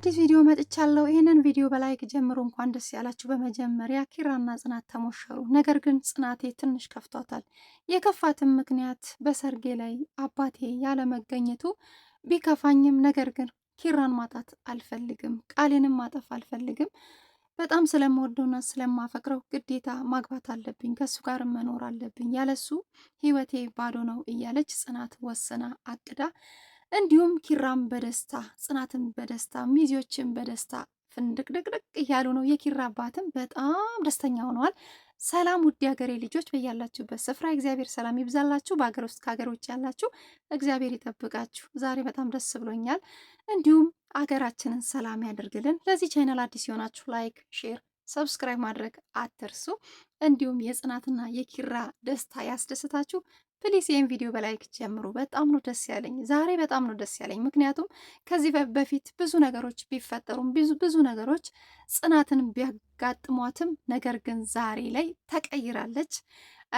በአዲስ ቪዲዮ መጥቻለሁ። ይህንን ቪዲዮ በላይክ ጀምሮ እንኳን ደስ ያላችሁ። በመጀመሪያ ኪራና ጽናት ተሞሸሩ። ነገር ግን ጽናቴ ትንሽ ከፍቷታል። የከፋትም ምክንያት በሰርጌ ላይ አባቴ ያለመገኘቱ ቢከፋኝም ነገር ግን ኪራን ማጣት አልፈልግም፣ ቃሌንም ማጠፍ አልፈልግም። በጣም ስለምወደውና ስለማፈቅረው ግዴታ ማግባት አለብኝ፣ ከእሱ ጋር መኖር አለብኝ፣ ያለሱ ህይወቴ ባዶ ነው እያለች ጽናት ወስና አቅዳ እንዲሁም ኪራም በደስታ ጽናትን በደስታ ሚዜዎችን በደስታ ፍንድቅድቅድቅ እያሉ ነው። የኪራ አባትም በጣም ደስተኛ ሆነዋል። ሰላም ውድ ሀገሬ ልጆች በያላችሁበት ስፍራ እግዚአብሔር ሰላም ይብዛላችሁ። በሀገር ውስጥ ከሀገር ውጭ ያላችሁ እግዚአብሔር ይጠብቃችሁ። ዛሬ በጣም ደስ ብሎኛል። እንዲሁም አገራችንን ሰላም ያደርግልን። ለዚህ ቻይናል አዲስ የሆናችሁ ላይክ፣ ሼር፣ ሰብስክራይብ ማድረግ አትርሱ። እንዲሁም የጽናትና የኪራ ደስታ ያስደስታችሁ። ፕሊስ ይህን ቪዲዮ በላይክ ጀምሩ። በጣም ነው ደስ ያለኝ ዛሬ በጣም ነው ደስ ያለኝ። ምክንያቱም ከዚህ በፊት ብዙ ነገሮች ቢፈጠሩም ብዙ ብዙ ነገሮች ጽናትን ቢያጋጥሟትም ነገር ግን ዛሬ ላይ ተቀይራለች።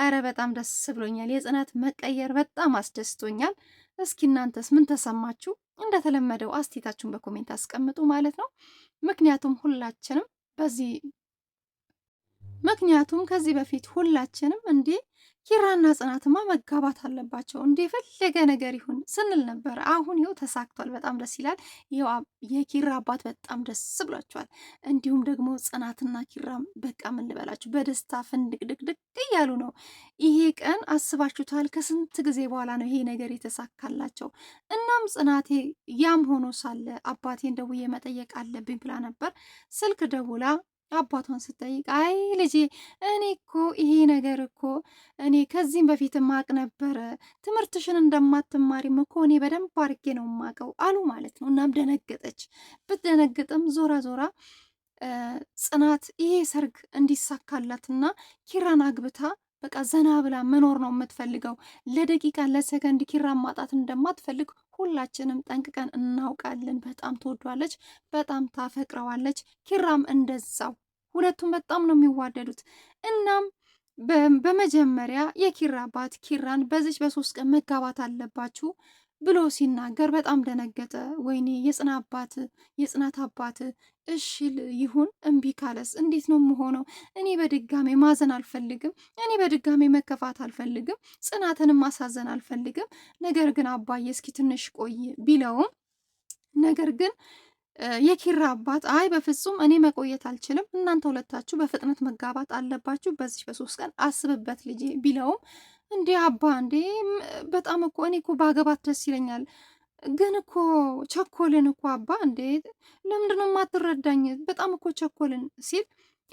አረ በጣም ደስ ብሎኛል። የጽናት መቀየር በጣም አስደስቶኛል። እስኪ እናንተስ ምን ተሰማችሁ? እንደተለመደው አስቴታችሁን በኮሜንት አስቀምጡ ማለት ነው። ምክንያቱም ሁላችንም በዚህ ምክንያቱም ከዚህ በፊት ሁላችንም እንዲህ ኪራና ጽናትማ መጋባት አለባቸው እንደፈለገ ነገር ይሁን ስንል ነበር። አሁን ይኸው ተሳክቷል። በጣም ደስ ይላል። የኪራ አባት በጣም ደስ ብሏቸዋል። እንዲሁም ደግሞ ጽናትና ኪራም በቃ ምን ልበላችሁ በደስታ ፍንድቅድቅድቅ እያሉ ነው። ይሄ ቀን አስባችሁታል? ከስንት ጊዜ በኋላ ነው ይሄ ነገር የተሳካላቸው። እናም ጽናቴ ያም ሆኖ ሳለ አባቴን ደውዬ መጠየቅ አለብኝ ብላ ነበር። ስልክ ደውላ አባቷን ስጠይቅ አይ ልጄ እኔ እኮ ይሄ ነገር እኮ እኔ ከዚህም በፊት ማቅ ነበረ ትምህርትሽን እንደማትማሪም እኮ እኔ በደንብ አድርጌ ነው ማቀው አሉ ማለት ነው። እናም ደነገጠች። ብትደነግጥም ዞራ ዞራ ጽናት ይሄ ሰርግ እንዲሳካላትና ኪራን አግብታ በቃ ዘና ብላ መኖር ነው የምትፈልገው። ለደቂቃ ለሰከንድ ኪራን ማጣት እንደማትፈልግ ሁላችንም ጠንቅቀን እናውቃለን። በጣም ትወዷለች፣ በጣም ታፈቅረዋለች። ኪራም እንደዛው ሁለቱም በጣም ነው የሚዋደዱት። እናም በመጀመሪያ የኪራ አባት ኪራን በዚች በሶስት ቀን መጋባት አለባችሁ ብሎ ሲናገር በጣም ደነገጠ። ወይኔ የጽና አባት የጽናት አባት እሽል ይሁን እምቢ ካለስ እንዴት ነው የምሆነው? እኔ በድጋሜ ማዘን አልፈልግም። እኔ በድጋሜ መከፋት አልፈልግም። ጽናትን ማሳዘን አልፈልግም። ነገር ግን አባዬ እስኪ ትንሽ ቆይ ቢለውም ነገር ግን የኪራ አባት አይ በፍጹም እኔ መቆየት አልችልም፣ እናንተ ሁለታችሁ በፍጥነት መጋባት አለባችሁ፣ በዚህ በሶስት ቀን አስብበት ልጄ ቢለውም እንዴ አባ እንዴ በጣም እኮ እኔ እኮ ባገባት ደስ ይለኛል ግን እኮ ቸኮልን እኮ አባ እንዴ ለምንድነው የማትረዳኝ? በጣም እኮ ቸኮልን ሲል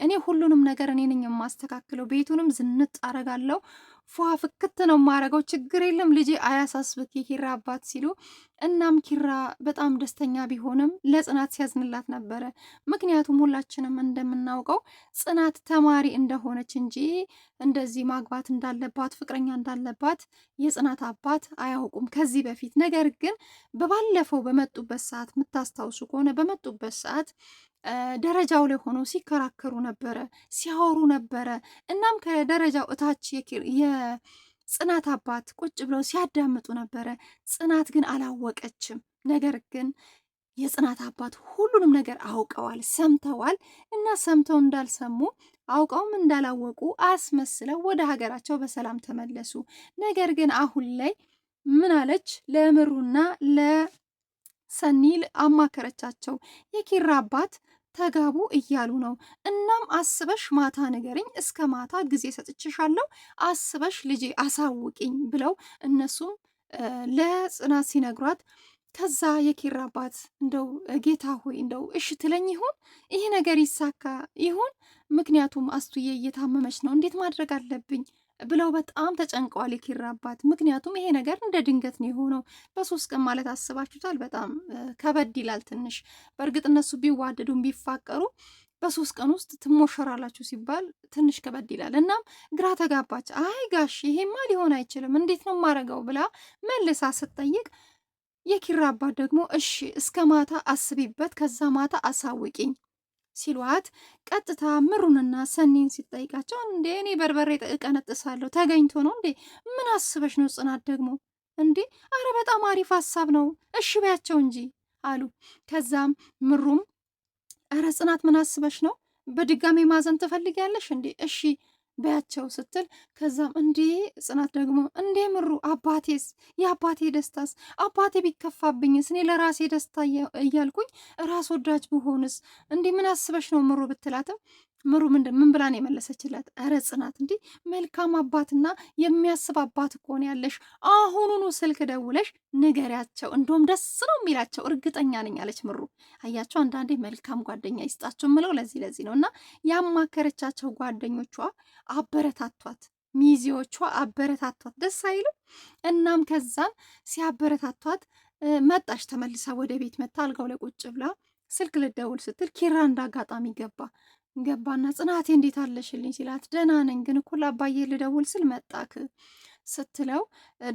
እኔ ሁሉንም ነገር እኔ ነኝ የማስተካክለው፣ ቤቱንም ዝንጥ አረጋለው፣ ፏ ፍክት ነው ማረገው ችግር የለም ልጄ አያሳስብክ የኪራ አባት ሲሉ እናም ኪራ በጣም ደስተኛ ቢሆንም ለጽናት ሲያዝንላት ነበረ። ምክንያቱም ሁላችንም እንደምናውቀው ጽናት ተማሪ እንደሆነች እንጂ እንደዚህ ማግባት እንዳለባት ፍቅረኛ እንዳለባት የጽናት አባት አያውቁም ከዚህ በፊት። ነገር ግን በባለፈው በመጡበት ሰዓት የምታስታውሱ ከሆነ በመጡበት ሰዓት ደረጃው ላይ ሆኖ ሲከራከሩ ነበረ፣ ሲያወሩ ነበረ። እናም ከደረጃው እታች ጽናት አባት ቁጭ ብለው ሲያዳምጡ ነበረ። ጽናት ግን አላወቀችም። ነገር ግን የጽናት አባት ሁሉንም ነገር አውቀዋል፣ ሰምተዋል እና ሰምተው እንዳልሰሙ አውቀውም እንዳላወቁ አስመስለው ወደ ሀገራቸው በሰላም ተመለሱ። ነገር ግን አሁን ላይ ምን አለች ለምሩና ለሰኒል አማከረቻቸው። የኪራ አባት ተጋቡ እያሉ ነው። እናም አስበሽ ማታ ንገርኝ፣ እስከ ማታ ጊዜ ሰጥችሻለሁ፣ አስበሽ ልጄ አሳውቂኝ ብለው እነሱም ለጽናት ሲነግሯት ከዛ የኪራ አባት እንደው ጌታ ሆይ እንደው እሽ ትለኝ ይሁን ይህ ነገር ይሳካ ይሁን? ምክንያቱም አስቱዬ እየታመመች ነው፣ እንዴት ማድረግ አለብኝ ብለው በጣም ተጨንቀዋል የኪራ አባት። ምክንያቱም ይሄ ነገር እንደ ድንገት ነው የሆነው በሶስት ቀን ማለት አስባችሁታል። በጣም ከበድ ይላል ትንሽ። በእርግጥ እነሱ ቢዋደዱም ቢፋቀሩ በሶስት ቀን ውስጥ ትሞሸራላችሁ ሲባል ትንሽ ከበድ ይላል። እናም ግራ ተጋባች። አይ ጋሽ ይሄማ ሊሆን አይችልም፣ እንዴት ነው የማደርገው ብላ መልሳ ስትጠይቅ የኪራ አባት ደግሞ እሺ እስከ ማታ አስቢበት፣ ከዛ ማታ አሳውቂኝ ሲሏት ቀጥታ ምሩንና ሰኒን ሲጠይቃቸው እንዴ እኔ በርበሬ እቀነጥሳለሁ ተገኝቶ ነው እንዴ? ምን አስበሽ ነው ጽናት ደግሞ እንዴ? አረ በጣም አሪፍ ሀሳብ ነው፣ እሺ በያቸው እንጂ አሉ። ከዛም ምሩም አረ ጽናት ምን አስበሽ ነው? በድጋሜ ማዘን ትፈልጊያለሽ እንዴ? እሺ በያቸው ስትል ከዛም እንዴ ጽናት ደግሞ እንዴ ምሩ አባቴስ የአባቴ ደስታስ አባቴ ቢከፋብኝስ እኔ ለራሴ ደስታ እያልኩኝ ራስ ወዳጅ ብሆንስ እንዲህ ምን አስበሽ ነው ምሩ ብትላትም ምሩ ምን ብላን የመለሰችለት? እረ ጽናት እንዲ መልካም አባትና የሚያስብ አባት እኮ ነው ያለሽ። አሁኑኑ ስልክ ደውለሽ ንገሪያቸው፣ እንደውም ደስ ነው የሚላቸው እርግጠኛ ነኝ አለች ምሩ። አያቸው አንዳንዴ መልካም ጓደኛ ይስጣቸው ምለው ለዚህ ለዚህ ነው እና ያማከረቻቸው ጓደኞቿ አበረታቷት፣ ሚዜዎቿ አበረታቷት። ደስ አይልም? እናም ከዛም ሲያበረታቷት መጣች። ተመልሳ ወደ ቤት መታ አልጋው ላይ ቁጭ ብላ ስልክ ልደውል ስትል ኪራ እንዳጋጣሚ ገባ። ገባና ጽናቴ እንዴት አለሽልኝ ሲላት ደህና ነኝ፣ ግን እኮ ለአባዬ ልደውል ስል መጣክ ስትለው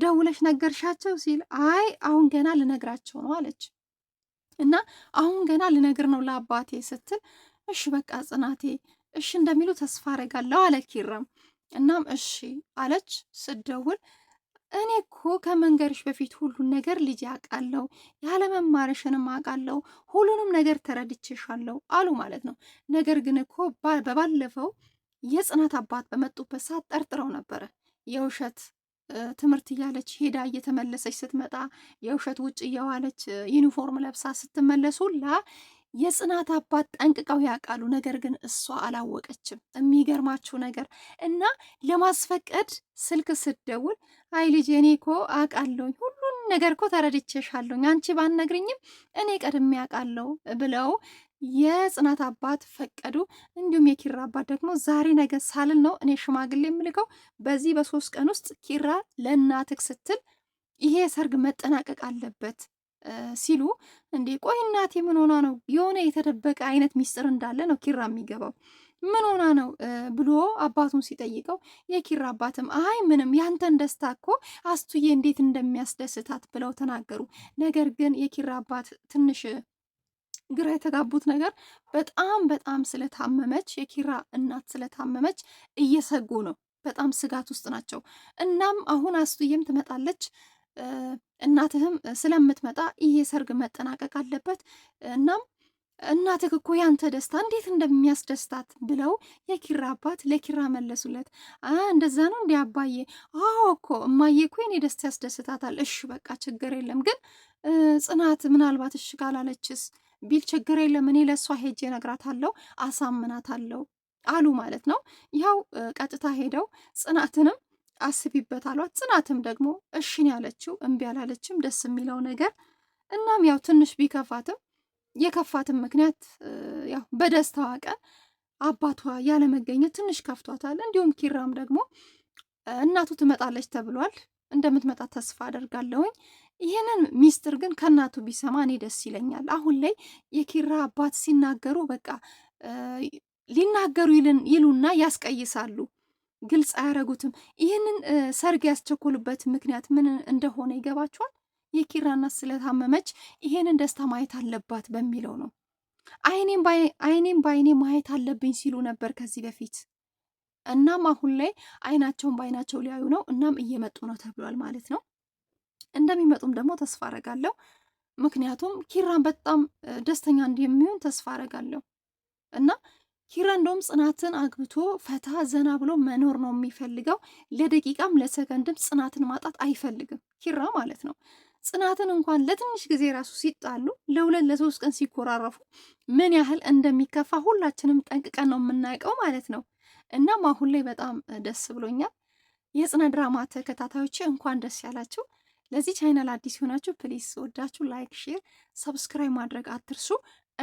ደውለሽ ነገርሻቸው ሲል አይ አሁን ገና ልነግራቸው ነው አለች። እና አሁን ገና ልነግር ነው ለአባቴ ስትል እሺ በቃ ጽናቴ እሺ እንደሚሉ ተስፋ አረጋለሁ አለ ኪራም። እናም እሺ አለች ስደውል እኔ እኮ ከመንገርሽ በፊት ሁሉን ነገር ልጅ አውቃለሁ፣ ያለመማርሽንም አውቃለሁ፣ ሁሉንም ነገር ተረድቼሻለሁ አሉ ማለት ነው። ነገር ግን እኮ በባለፈው የጽናት አባት በመጡበት ሰዓት ጠርጥረው ነበረ የውሸት ትምህርት እያለች ሄዳ እየተመለሰች ስትመጣ የውሸት ውጭ እየዋለች ዩኒፎርም ለብሳ ስትመለስ ሁላ የጽናት አባት ጠንቅቀው ያውቃሉ። ነገር ግን እሷ አላወቀችም። የሚገርማችሁ ነገር እና ለማስፈቀድ ስልክ ስደውል አይ ልጅ እኔ እኮ አውቃለሁኝ ሁሉን ነገር እኮ ተረድቼሻለሁኝ አንቺ ባነግርኝም እኔ ቀድሜ አውቃለሁ ብለው የጽናት አባት ፈቀዱ። እንዲሁም የኪራ አባት ደግሞ ዛሬ ነገ ሳልል ነው እኔ ሽማግሌ የምልከው በዚህ በሶስት ቀን ውስጥ ኪራ ለእናትህ ስትል ይሄ ሰርግ መጠናቀቅ አለበት ሲሉ እንዴ ቆይ እናቴ ምን ሆና ነው? የሆነ የተደበቀ አይነት ሚስጥር እንዳለ ነው ኪራ የሚገባው። ምን ሆና ነው ብሎ አባቱን ሲጠይቀው የኪራ አባትም አይ ምንም ያንተን ደስታ እኮ አስቱዬ እንዴት እንደሚያስደስታት ብለው ተናገሩ። ነገር ግን የኪራ አባት ትንሽ ግራ የተጋቡት ነገር በጣም በጣም ስለታመመች የኪራ እናት ስለታመመች እየሰጉ ነው። በጣም ስጋት ውስጥ ናቸው። እናም አሁን አስቱዬም ትመጣለች እናትህም ስለምትመጣ ይሄ ሰርግ መጠናቀቅ አለበት። እናም እናትህ እኮ ያንተ ደስታ እንዴት እንደሚያስደስታት ብለው የኪራ አባት ለኪራ መለሱለት። እንደዛ ነው እንዲ አባዬ? አዎ እኮ እማዬ እኮ የኔ ደስታ ያስደስታታል። እሽ በቃ ችግር የለም ግን ጽናት ምናልባት እሽ ካላለችስ ቢል ችግር የለም እኔ ለእሷ ሄጄ እነግራታለሁ፣ አሳምናታለሁ አሉ ማለት ነው። ያው ቀጥታ ሄደው ጽናትንም አስቢበት አሏት። ጽናትም ደግሞ እሽን ያለችው እምቢ ያላለችም ደስ የሚለው ነገር እናም ያው ትንሽ ቢከፋትም የከፋትም ምክንያት ያው በደስታዋ ቀን አባቷ ያለመገኘት ትንሽ ከፍቷታል። እንዲሁም ኪራም ደግሞ እናቱ ትመጣለች ተብሏል። እንደምትመጣ ተስፋ አደርጋለሁኝ። ይህንን ሚስጥር ግን ከእናቱ ቢሰማ እኔ ደስ ይለኛል። አሁን ላይ የኪራ አባት ሲናገሩ በቃ ሊናገሩ ይሉና ያስቀይሳሉ ግልጽ አያረጉትም። ይህንን ሰርግ ያስቸኮሉበት ምክንያት ምን እንደሆነ ይገባቸዋል። የኪራ ስለታመመች ይሄንን ደስታ ማየት አለባት በሚለው ነው። አይኔም በአይኔ ማየት አለብኝ ሲሉ ነበር ከዚህ በፊት። እናም አሁን ላይ አይናቸውን በአይናቸው ሊያዩ ነው። እናም እየመጡ ነው ተብሏል ማለት ነው። እንደሚመጡም ደግሞ ተስፋ አረጋለሁ። ምክንያቱም ኪራን በጣም ደስተኛ እንደሚሆን ተስፋ አረጋለሁ እና ኪራ እንደውም ጽናትን አግብቶ ፈታ ዘና ብሎ መኖር ነው የሚፈልገው። ለደቂቃም ለሰከንድም ጽናትን ማጣት አይፈልግም ኪራ ማለት ነው። ጽናትን እንኳን ለትንሽ ጊዜ ራሱ ሲጣሉ ለሁለት ለሶስት ቀን ሲኮራረፉ ምን ያህል እንደሚከፋ ሁላችንም ጠንቅቀን ነው የምናውቀው ማለት ነው። እናም አሁን ላይ በጣም ደስ ብሎኛል። የጽናት ድራማ ተከታታዮች እንኳን ደስ ያላችሁ። ለዚህ ቻይናል አዲስ የሆናችሁ ፕሊስ ወዳችሁ ላይክ፣ ሼር፣ ሰብስክራይብ ማድረግ አትርሱ።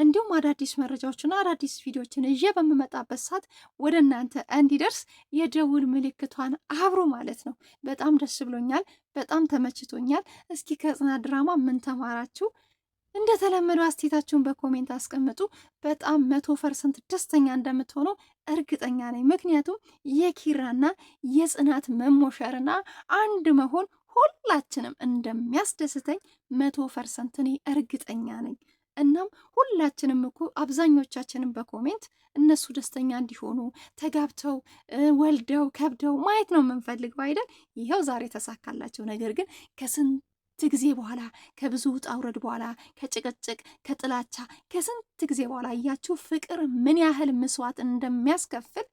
እንዲሁም አዳዲስ መረጃዎችና አዳዲስ ቪዲዮዎችን እዤ በምመጣበት ሰዓት ወደ እናንተ እንዲደርስ የደውል ምልክቷን አብሮ ማለት ነው። በጣም ደስ ብሎኛል። በጣም ተመችቶኛል። እስኪ ከጽናት ድራማ ምን ተማራችሁ? እንደተለመደው አስተያየታችሁን በኮሜንት አስቀምጡ። በጣም መቶ ፐርሰንት ደስተኛ እንደምትሆነው እርግጠኛ ነኝ። ምክንያቱም የኪራና የጽናት መሞሸርና አንድ መሆን ሁላችንም እንደሚያስደስተኝ መቶ ፐርሰንት እኔ እርግጠኛ ነኝ። እናም ሁላችንም እኮ አብዛኞቻችንም በኮሜንት እነሱ ደስተኛ እንዲሆኑ ተጋብተው ወልደው ከብደው ማየት ነው የምንፈልገው አይደል? ይኸው ዛሬ ተሳካላቸው። ነገር ግን ከስንት ጊዜ በኋላ ከብዙ ውጣ ውረድ በኋላ ከጭቅጭቅ ከጥላቻ ከስንት ጊዜ በኋላ እያችሁ ፍቅር ምን ያህል ምስዋት እንደሚያስከፍል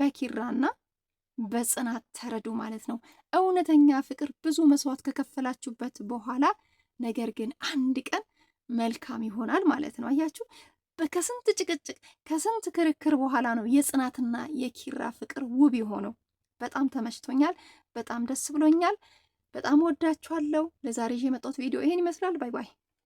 በኪራና በጽናት ተረዱ ማለት ነው። እውነተኛ ፍቅር ብዙ መስዋዕት ከከፈላችሁበት በኋላ ነገር ግን አንድ ቀን መልካም ይሆናል ማለት ነው። አያችሁ ከስንት ጭቅጭቅ ከስንት ክርክር በኋላ ነው የጽናትና የኪራ ፍቅር ውብ የሆነው። በጣም ተመችቶኛል። በጣም ደስ ብሎኛል። በጣም ወዳችኋለሁ። ለዛሬ የመጣት የመጣሁት ቪዲዮ ይሄን ይመስላል። ባይ ባይ።